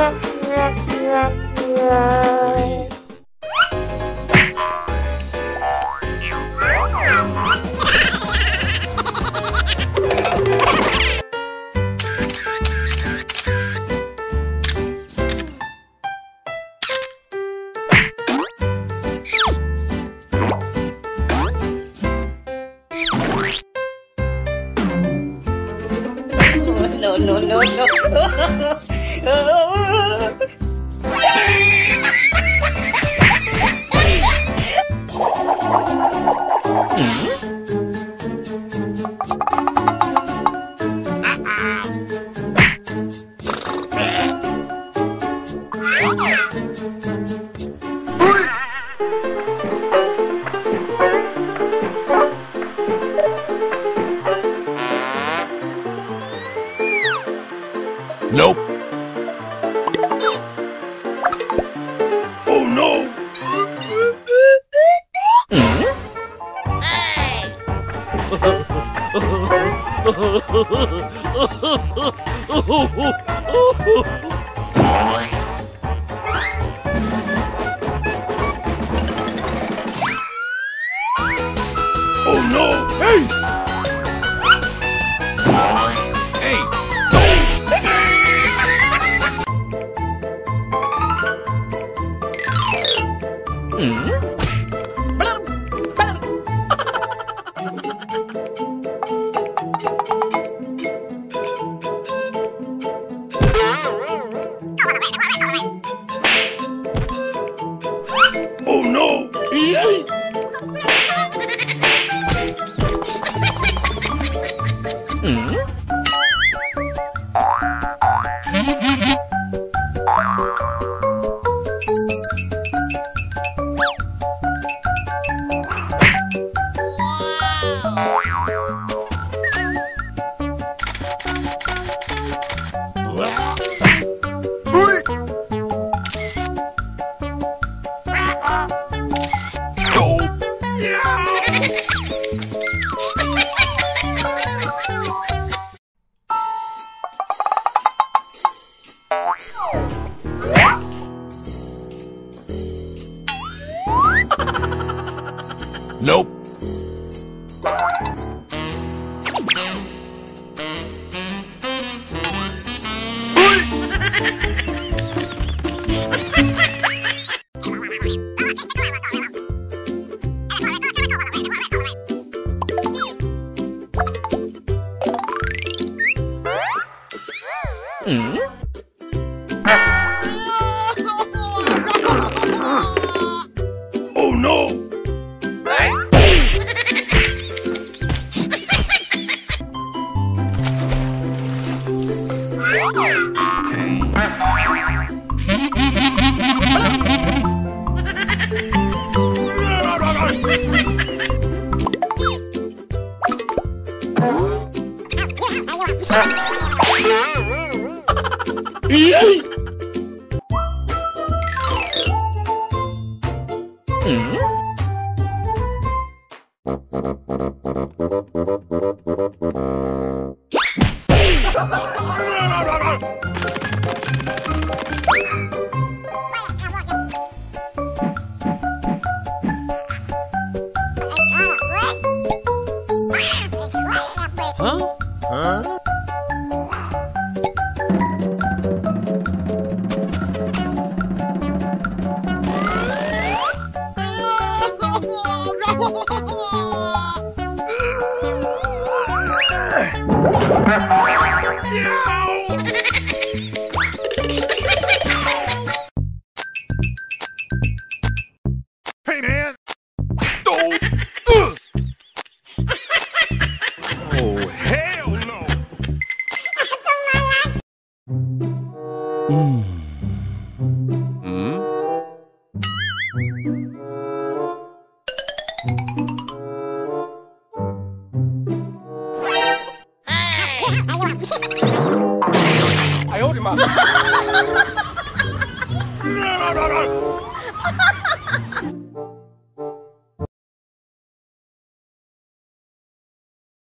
Yeah. Nope. Oh no! Oh no! Nope. Hey. oh no! Yay! 啊啊！Yeah! No, no, no, no.